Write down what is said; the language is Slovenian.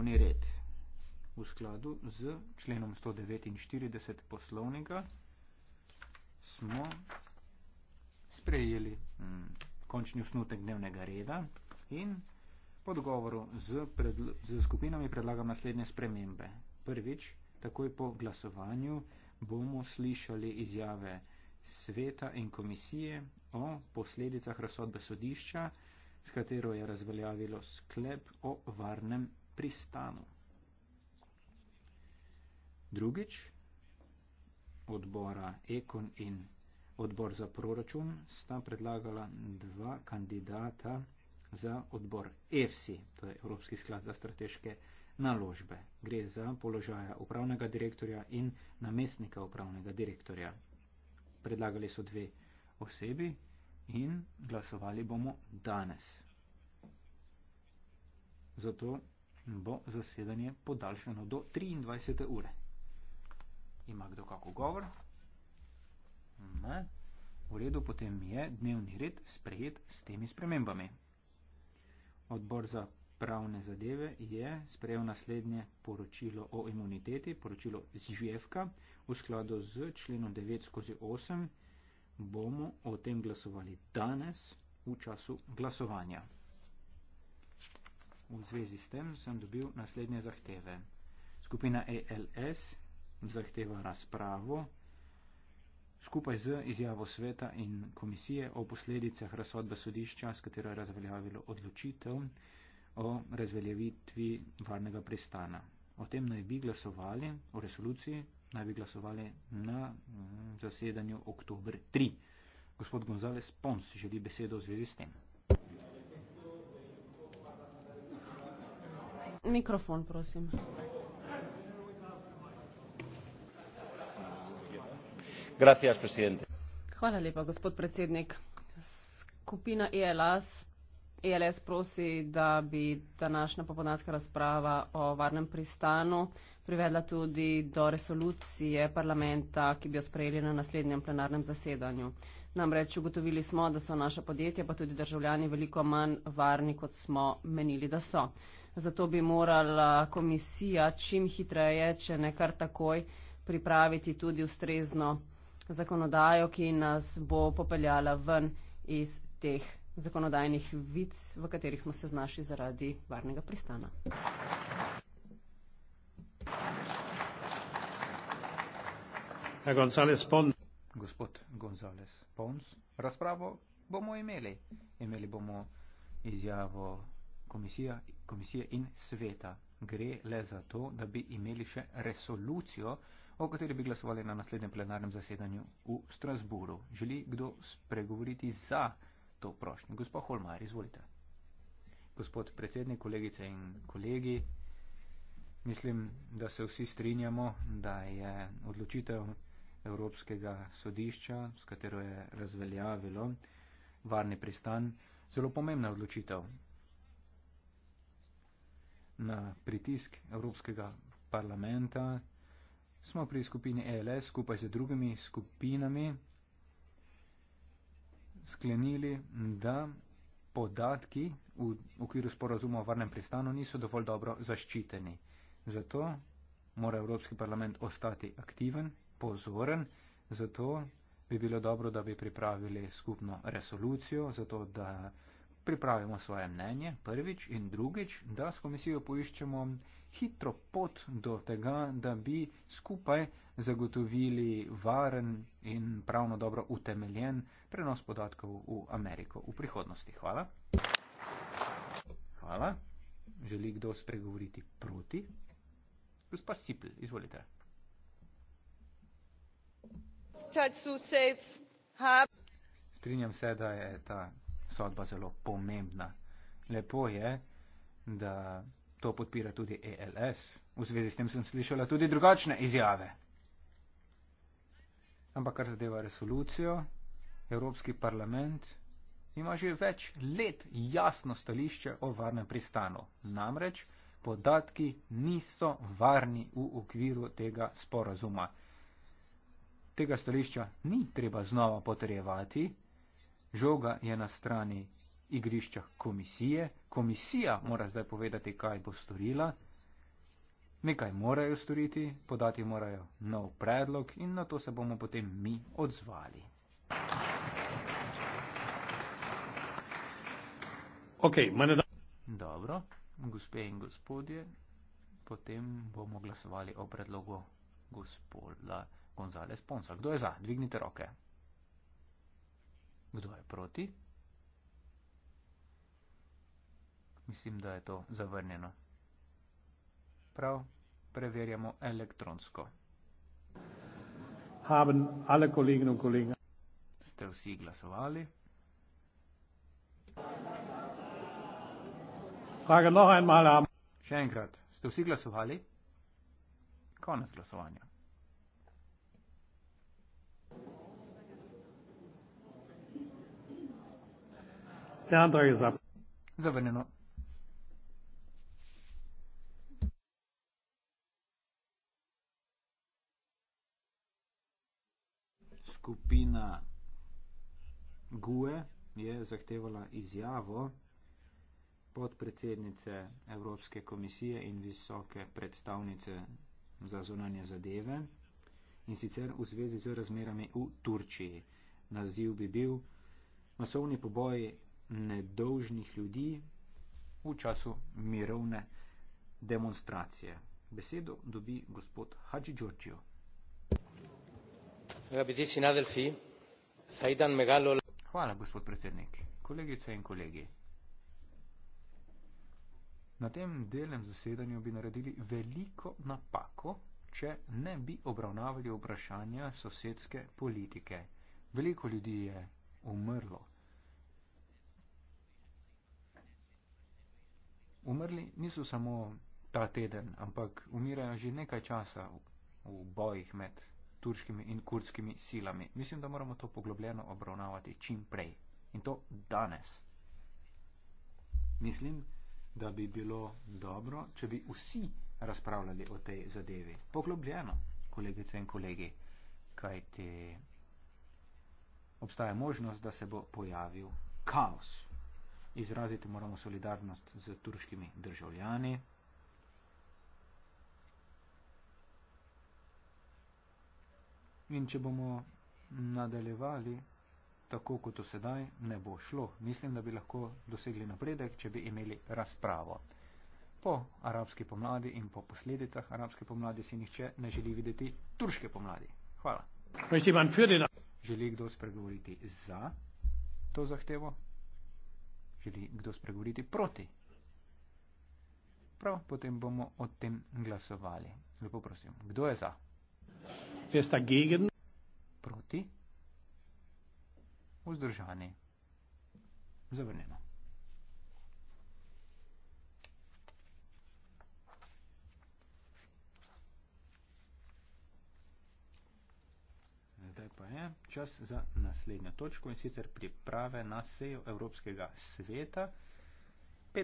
javni red. V skladu z členom 149 poslovnika smo sprejeli hm, končni osnutek dnevnega reda in po dogovoru z, z skupinami predlagam naslednje spremembe. Prvič, takoj po glasovanju bomo slišali izjave sveta in komisije o posledicah razsodbe sodišča, s katero je razveljavilo sklep o varnem pristanu. Drugič, odbora Ekon in odbor za proračun sta predlagala dva kandidata za odbor EFSI, to je Evropski sklad za strateške naložbe. Gre za položaja upravnega direktorja in namestnika upravnega direktorja. Predlagali so dve osebi in glasovali bomo danes. Zato bo zasedanje podaljšano do 23. ure. Ima kdo kako govor? Ne. V redu, potem je dnevni red sprejet s temi spremembami. Odbor za pravne zadeve je sprejel naslednje poročilo o imuniteti, poročilo z Žjevka, v skladu z členom 9 skozi 8. Bomo o tem glasovali danes v času glasovanja. V zvezi s tem sem dobil naslednje zahteve. Skupina ALS zahteva razpravo skupaj z izjavo sveta in komisije o posledicah razsodbe sodišča, s katero je razveljavilo odločitev o razveljavitvi varnega pristana. O tem naj bi glasovali, o resoluciji naj bi glasovali na mm, zasedanju oktober 3. Gospod Gonzales Pons želi besedo v zvezi s tem. Mikrofon, prosim. Gracias, Hvala lepa, gospod predsednik. Skupina ELS, ELS prosi, da bi današnja popodanska razprava o varnem pristanu privedla tudi do resolucije parlamenta, ki bi jo sprejeli na naslednjem plenarnem zasedanju. Namreč ugotovili smo, da so naša podjetja, pa tudi državljani, veliko manj varni, kot smo menili, da so. Zato bi morala komisija čim hitreje, če ne kar takoj, pripraviti tudi ustrezno zakonodajo, ki nas bo popeljala ven iz teh zakonodajnih vic, v katerih smo se znašli zaradi varnega pristana. Gospod Gonzales Pons, razpravo bomo imeli. Imeli bomo izjavo komisija, komisije in sveta. Gre le za to, da bi imeli še resolucijo, o kateri bi glasovali na naslednjem plenarnem zasedanju v Strasburu. Želi kdo spregovoriti za to prošnjo? Gospod Holmar, izvolite. Gospod predsednik, kolegice in kolegi, mislim, da se vsi strinjamo, da je odločitev Evropskega sodišča, s katero je razveljavilo varni pristan, zelo pomembna odločitev na pritisk Evropskega parlamenta smo pri skupini ELS skupaj z drugimi skupinami sklenili, da podatki v okviru sporazuma o varnem pristanu niso dovolj dobro zaščiteni. Zato mora Evropski parlament ostati aktiven, pozoren, zato bi bilo dobro, da bi pripravili skupno resolucijo, zato da pripravimo svoje mnenje prvič in drugič, da s komisijo poiščemo hitro pot do tega, da bi skupaj zagotovili varen in pravno dobro utemeljen prenos podatkov v Ameriko v prihodnosti. Hvala. Hvala. Želi kdo spregovoriti proti? Gospa Sipl, izvolite. Strinjam se, da je ta sodba zelo pomembna. Lepo je, da to podpira tudi ELS. V zvezi s tem sem slišala tudi drugačne izjave. Ampak kar zadeva resolucijo, Evropski parlament ima že več let jasno stališče o varnem pristanu. Namreč podatki niso varni v okviru tega sporazuma. Tega stališča ni treba znova potrjevati, žoga je na strani igrišča komisije, komisija mora zdaj povedati, kaj bo storila, nekaj morajo storiti, podati morajo nov predlog in na to se bomo potem mi odzvali. Okay, mene... Dobro, gospe in gospodje, potem bomo glasovali o predlogu gospoda Gonzales Ponsa. Kdo je za? Dvignite roke. Kdo je proti? Mislim, da je to zavrnjeno. Prav, preverjamo elektronsko. Haben alle kolegin in kolega. Ste vsi glasovali? Frage noch einmal. Še enkrat, ste vsi glasovali? Konec glasovanja. Ja, dragi Zap. Zavrnjeno. Skupina GUE je zahtevala izjavo podpredsednice Evropske komisije in visoke predstavnice za zunanje zadeve in sicer v zvezi z razmerami v Turčiji. Naziv bi bil masovni poboj nedolžnih ljudi v času mirovne demonstracije. Besedo dobi gospod Hadži Džorđio. Hvala, gospod predsednik. Kolegice in kolegi. Na tem delem zasedanju bi naredili veliko napako, če ne bi obravnavali vprašanja sosedske politike. Veliko ljudi je umrlo. umrli niso samo ta teden, ampak umirajo že nekaj časa v, v bojih med turškimi in kurdskimi silami. Mislim, da moramo to poglobljeno obravnavati čim prej in to danes. Mislim, da bi bilo dobro, če bi vsi razpravljali o tej zadevi poglobljeno, kolegice in kolegi, kajti obstaja možnost, da se bo pojavil kaos izraziti moramo solidarnost z turškimi državljani. In če bomo nadaljevali tako kot to sedaj, ne bo šlo. Mislim, da bi lahko dosegli napredek, če bi imeli razpravo. Po arabski pomladi in po posledicah arabske pomladi si nihče ne želi videti turške pomladi. Hvala. Želi kdo spregovoriti za to zahtevo? želi kdo spregovoriti proti. Prav, potem bomo o tem glasovali. Lepo prosim, kdo je za? Festa gegen. Proti. Vzdržani. Zavrnemo. čas za naslednjo točko in sicer priprave na sejo Evropskega sveta,